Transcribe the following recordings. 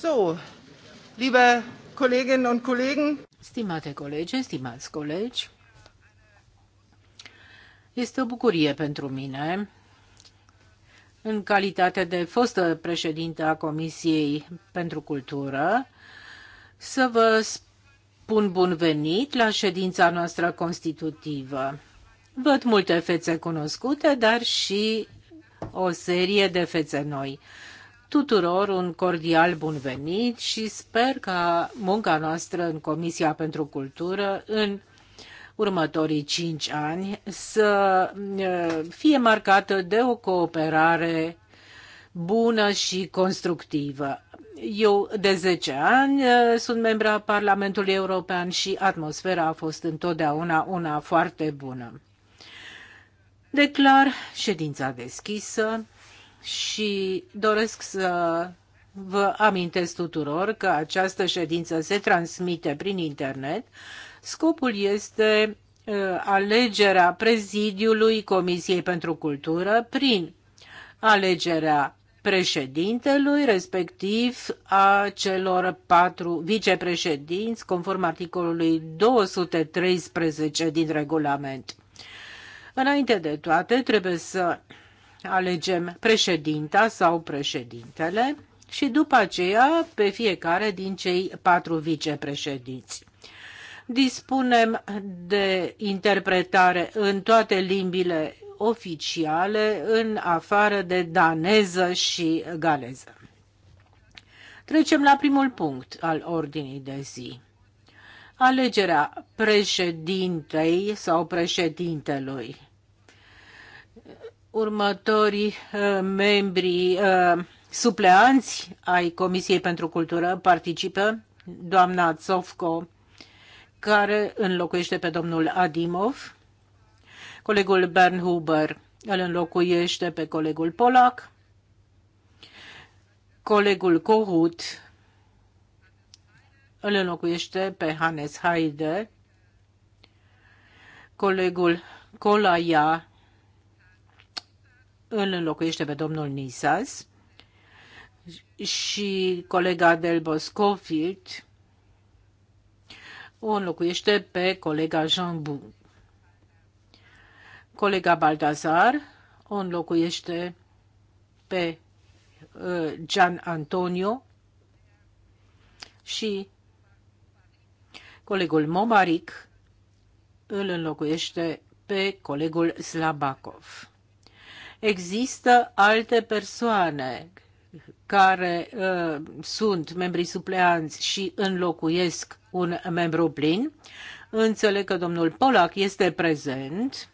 So, liebe Kolleginnen und Kollegen. Stimate colegi, stimați colegi, este o bucurie pentru mine, în calitate de fostă președintă a Comisiei pentru Cultură, să vă spun bun venit la ședința noastră constitutivă. Văd multe fețe cunoscute, dar și o serie de fețe noi tuturor un cordial bun venit și sper ca munca noastră în Comisia pentru Cultură în următorii cinci ani să fie marcată de o cooperare bună și constructivă. Eu de 10 ani sunt membra Parlamentului European și atmosfera a fost întotdeauna una foarte bună. Declar ședința deschisă și doresc să vă amintesc tuturor că această ședință se transmite prin internet. Scopul este uh, alegerea prezidiului Comisiei pentru Cultură prin alegerea președintelui, respectiv a celor patru vicepreședinți, conform articolului 213 din regulament. Înainte de toate, trebuie să alegem președinta sau președintele și după aceea pe fiecare din cei patru vicepreședinți. Dispunem de interpretare în toate limbile oficiale, în afară de daneză și galeză. Trecem la primul punct al ordinii de zi. Alegerea președintei sau președintelui următorii uh, membri uh, supleanți ai Comisiei pentru Cultură participă doamna Zovco, care înlocuiește pe domnul Adimov, colegul Bernhuber îl înlocuiește pe colegul Polac, colegul Kohut îl înlocuiește pe Hannes Haide, colegul Colaia îl înlocuiește pe domnul Nisas și colega del Boscofield o înlocuiește pe colega Jean Bou. Colega Baldazar o înlocuiește pe uh, Gian Antonio și colegul Momaric îl înlocuiește pe colegul Slabakov. Există alte persoane care uh, sunt membrii supleanți și înlocuiesc un membru plin. Înțeleg că domnul Polac este prezent.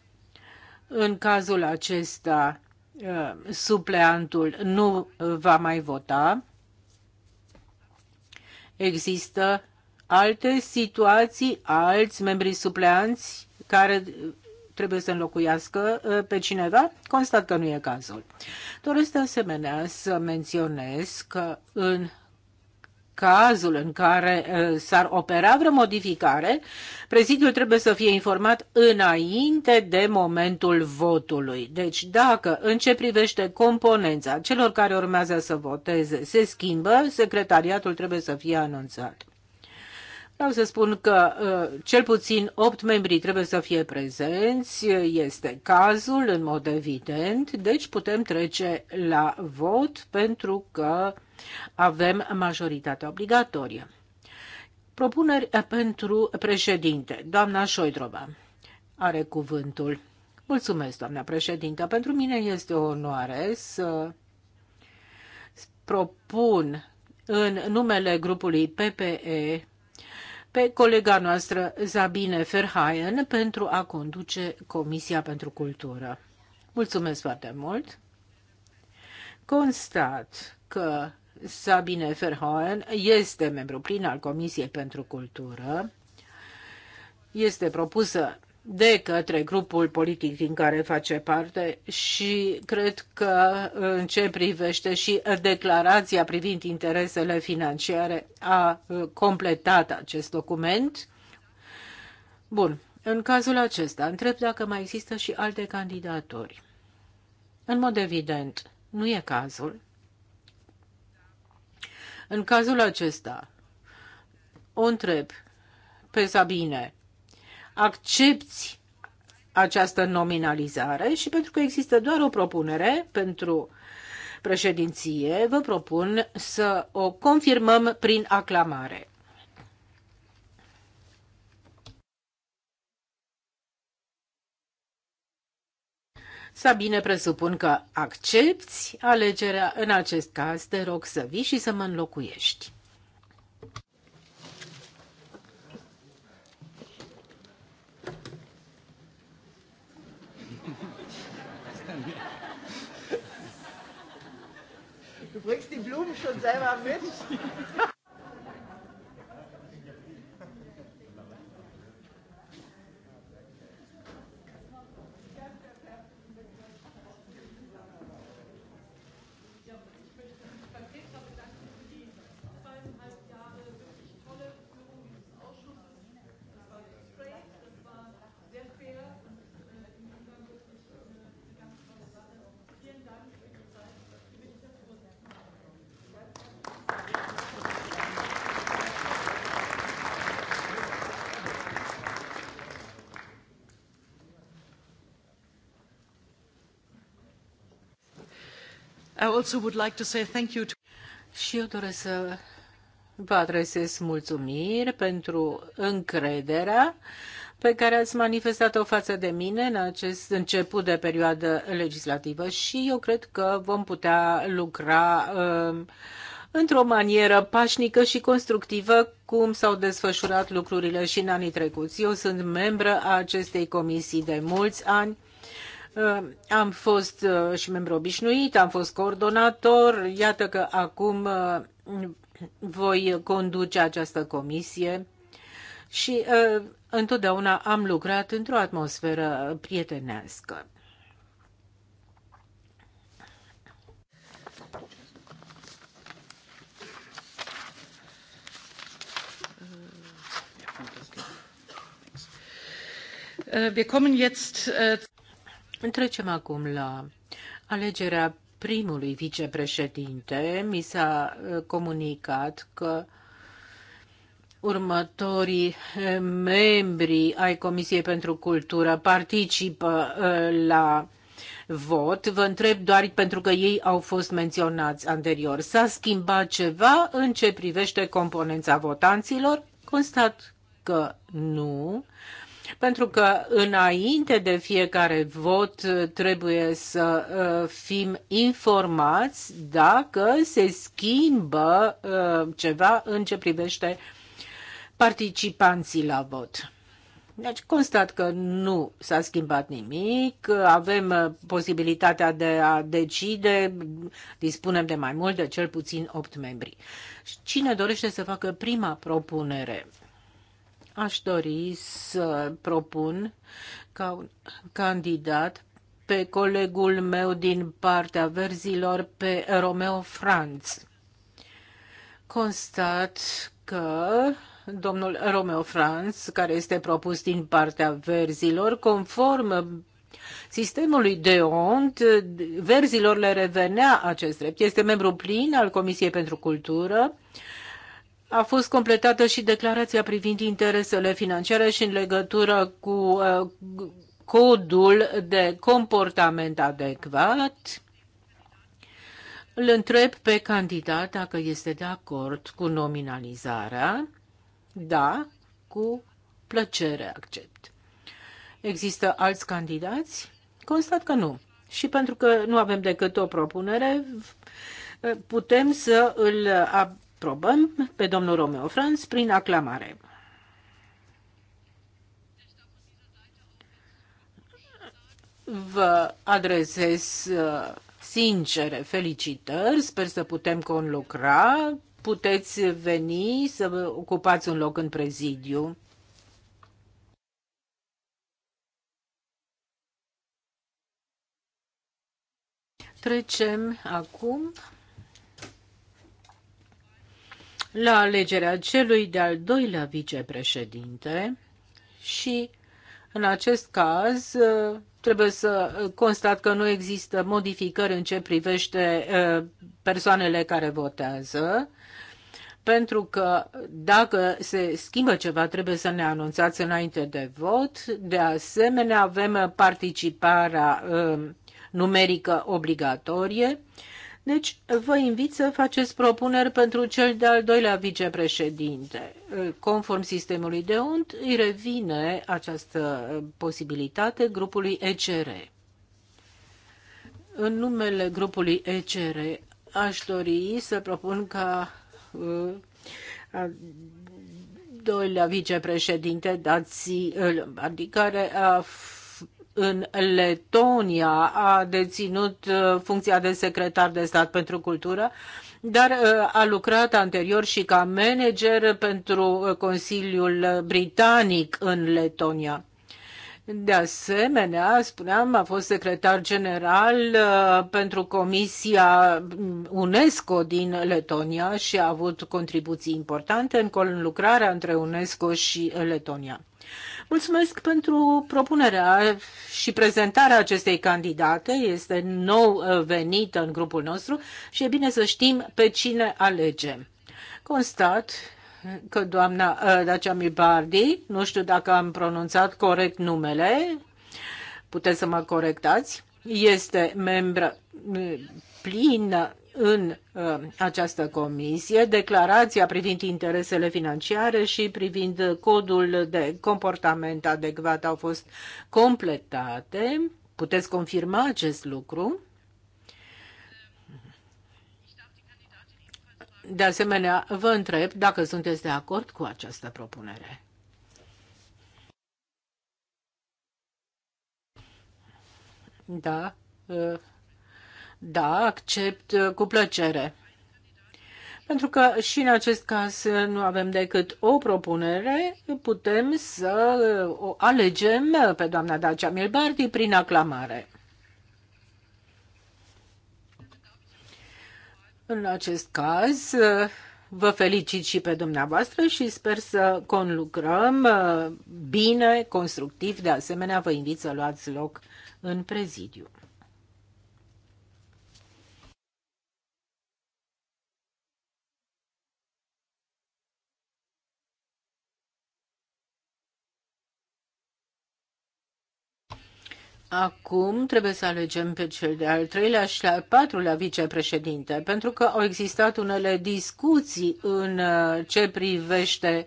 În cazul acesta, uh, supleantul nu va mai vota. Există alte situații, alți membri supleanți care trebuie să înlocuiască uh, pe cineva, constat că nu e cazul. Doresc de asemenea să menționez că în cazul în care uh, s-ar opera vreo modificare, prezidiul trebuie să fie informat înainte de momentul votului. Deci dacă în ce privește componența celor care urmează să voteze se schimbă, secretariatul trebuie să fie anunțat. Vreau să spun că uh, cel puțin opt membri trebuie să fie prezenți, este cazul în mod evident, deci putem trece la vot pentru că avem majoritatea obligatorie. Propuneri pentru președinte. Doamna Șoidroba are cuvântul. Mulțumesc, doamna președinte. Pentru mine este o onoare să propun în numele grupului PPE pe colega noastră Zabine Ferhaien pentru a conduce Comisia pentru Cultură. Mulțumesc foarte mult! Constat că Sabine Ferhaen este membru plin al Comisiei pentru Cultură. Este propusă de către grupul politic din care face parte și cred că în ce privește și declarația privind interesele financiare a completat acest document. Bun, în cazul acesta întreb dacă mai există și alte candidaturi. În mod evident, nu e cazul. În cazul acesta, o întreb pe Sabine, accepti această nominalizare și pentru că există doar o propunere pentru președinție, vă propun să o confirmăm prin aclamare. Să bine presupun că accepti alegerea în acest caz, te rog să vii și să mă înlocuiești. Du bringst die Blumen schon selber mit? I also would like to say Și eu doresc să vă adresez mulțumiri pentru încrederea pe care ați manifestat-o față de mine în acest început de perioadă legislativă și eu cred că vom putea lucra um, într-o manieră pașnică și constructivă cum s-au desfășurat lucrurile și în anii trecuți. Eu sunt membră a acestei comisii de mulți ani Uh, am fost uh, și membru obișnuit, am fost coordonator, iată că acum uh, voi conduce această comisie și întotdeauna am lucrat într-o atmosferă prietenească. Äh, wir kommen jetzt äh, Trecem acum la alegerea primului vicepreședinte. Mi s-a uh, comunicat că următorii uh, membri ai Comisiei pentru Cultură participă uh, la vot. Vă întreb doar pentru că ei au fost menționați anterior. S-a schimbat ceva în ce privește componența votanților? Constat că nu pentru că înainte de fiecare vot trebuie să uh, fim informați dacă se schimbă uh, ceva în ce privește participanții la vot. Deci constat că nu s-a schimbat nimic, avem uh, posibilitatea de a decide, dispunem de mai mult de cel puțin 8 membri. Cine dorește să facă prima propunere? aș dori să propun ca un candidat pe colegul meu din partea verzilor, pe Romeo Franz. Constat că domnul Romeo Franz, care este propus din partea verzilor, conform sistemului de ont, verzilor le revenea acest drept. Este membru plin al Comisiei pentru Cultură, a fost completată și declarația privind interesele financiare și în legătură cu uh, codul de comportament adecvat. Îl întreb pe candidat dacă este de acord cu nominalizarea. Da, cu plăcere accept. Există alți candidați? Constat că nu. Și pentru că nu avem decât o propunere, putem să îl probăm pe domnul Romeo Franz prin aclamare. Vă adresez uh, sincere felicitări, sper să putem conlucra, puteți veni să vă ocupați un loc în prezidiu. Trecem acum la alegerea celui de-al doilea vicepreședinte și în acest caz trebuie să constat că nu există modificări în ce privește persoanele care votează, pentru că dacă se schimbă ceva trebuie să ne anunțați înainte de vot. De asemenea, avem participarea numerică obligatorie deci, vă invit să faceți propuneri pentru cel de-al doilea vicepreședinte. Conform sistemului de unt, îi revine această posibilitate grupului ECR. În numele grupului ECR aș dori să propun ca uh, doilea vicepreședinte Dați, adică a în Letonia a deținut uh, funcția de secretar de stat pentru cultură, dar uh, a lucrat anterior și ca manager pentru uh, Consiliul Britanic în Letonia. De asemenea, spuneam, a fost secretar general uh, pentru Comisia UNESCO din Letonia și a avut contribuții importante în lucrarea între UNESCO și Letonia. Mulțumesc pentru propunerea și prezentarea acestei candidate. Este nou uh, venită în grupul nostru și e bine să știm pe cine alegem. Constat că doamna ă, Dacia Mibardi, nu știu dacă am pronunțat corect numele, puteți să mă corectați, este membră ă, plină în ă, această comisie declarația privind interesele financiare și privind codul de comportament adecvat au fost completate. Puteți confirma acest lucru? De asemenea, vă întreb dacă sunteți de acord cu această propunere. Da, ă, da, accept ă, cu plăcere. Pentru că și în acest caz nu avem decât o propunere, putem să o alegem pe doamna Dacia Milbardi prin aclamare. În acest caz, vă felicit și pe dumneavoastră și sper să conlucrăm uh, bine, constructiv. De asemenea, vă invit să luați loc în prezidiu. Acum trebuie să alegem pe cel de-al treilea și al patrulea vicepreședinte, pentru că au existat unele discuții în uh, ce privește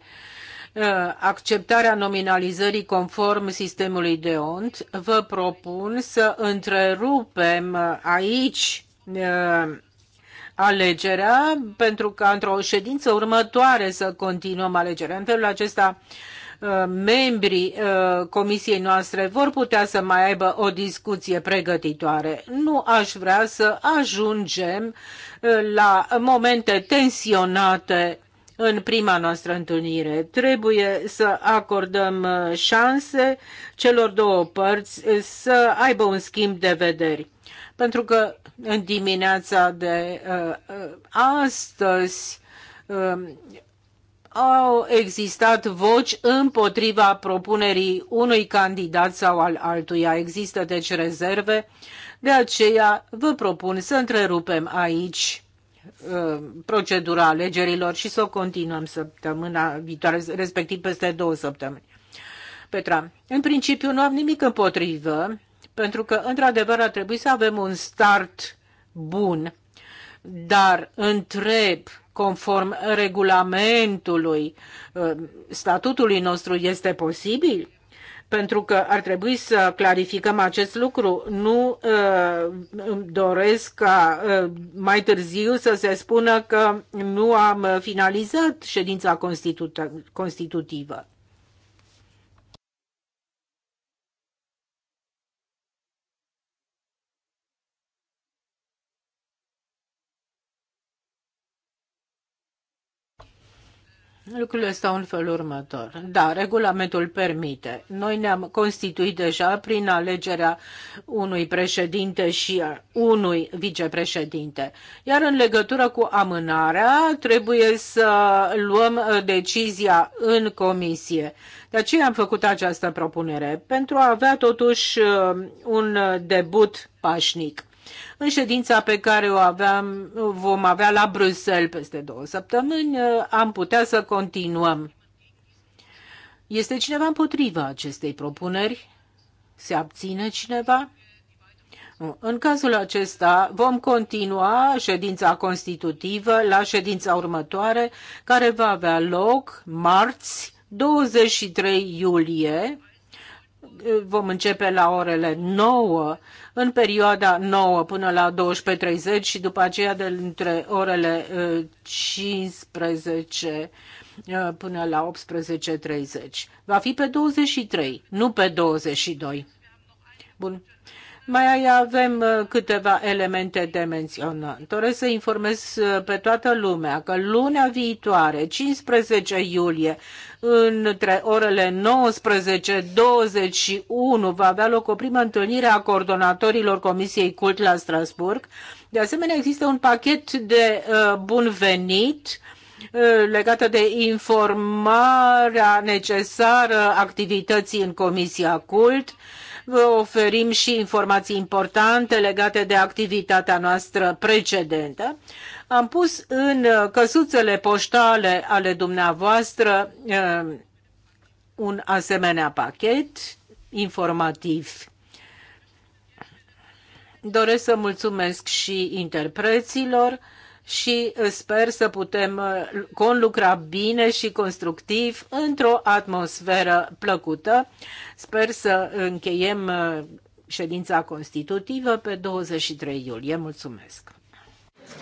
uh, acceptarea nominalizării conform sistemului de ont. Vă propun să întrerupem uh, aici alegerea pentru ca într-o ședință următoare să continuăm alegerea. În felul acesta uh, membrii uh, comisiei noastre vor putea să mai aibă o discuție pregătitoare. Nu aș vrea să ajungem uh, la momente tensionate în prima noastră întâlnire. Trebuie să acordăm șanse celor două părți să aibă un schimb de vederi pentru că în dimineața de uh, uh astăzi uh, au existat voci împotriva propunerii unui candidat sau al altuia. Există deci rezerve, de aceea vă propun să întrerupem aici uh, procedura alegerilor și să o continuăm săptămâna viitoare, respectiv peste două săptămâni. Petra, în principiu nu am nimic împotrivă pentru că, într-adevăr, ar trebui să avem un start bun, dar întreb conform regulamentului, uh, statutului nostru este posibil? Pentru că ar trebui să clarificăm acest lucru. Nu uh, doresc ca uh, mai târziu să se spună că nu am finalizat ședința constitutivă. Lucrurile stau în felul următor. Da, regulamentul permite. Noi ne-am constituit deja prin alegerea unui președinte și unui vicepreședinte. Iar în legătură cu amânarea, trebuie să luăm uh, decizia în comisie. De aceea am făcut această propunere, pentru a avea totuși uh, un uh, debut pașnic. În ședința pe care o aveam, vom avea la Bruxelles peste două săptămâni, am putea să continuăm. Este cineva împotriva acestei propuneri? Se abține cineva? În cazul acesta vom continua ședința constitutivă la ședința următoare, care va avea loc marți 23 iulie vom începe la orele 9, în perioada 9 până la 12.30 și după aceea de între orele 15 uh, uh, până la 18.30. Va fi pe 23, nu pe 22. Bun. Mai avem uh, câteva elemente de menționat. Doresc să informez uh, pe toată lumea că luna viitoare, 15 iulie, între orele 19-21, va avea loc o primă întâlnire a coordonatorilor Comisiei Cult la Strasburg. De asemenea, există un pachet de uh, bun venit legată de informarea necesară activității în Comisia Cult. Vă oferim și informații importante legate de activitatea noastră precedentă. Am pus în căsuțele poștale ale dumneavoastră eh, un asemenea pachet informativ. Doresc să mulțumesc și interpreților și uh, sper să putem uh, conlucra bine și constructiv într-o atmosferă plăcută. Sper să încheiem uh, ședința constitutivă pe 23 iulie. Mulțumesc!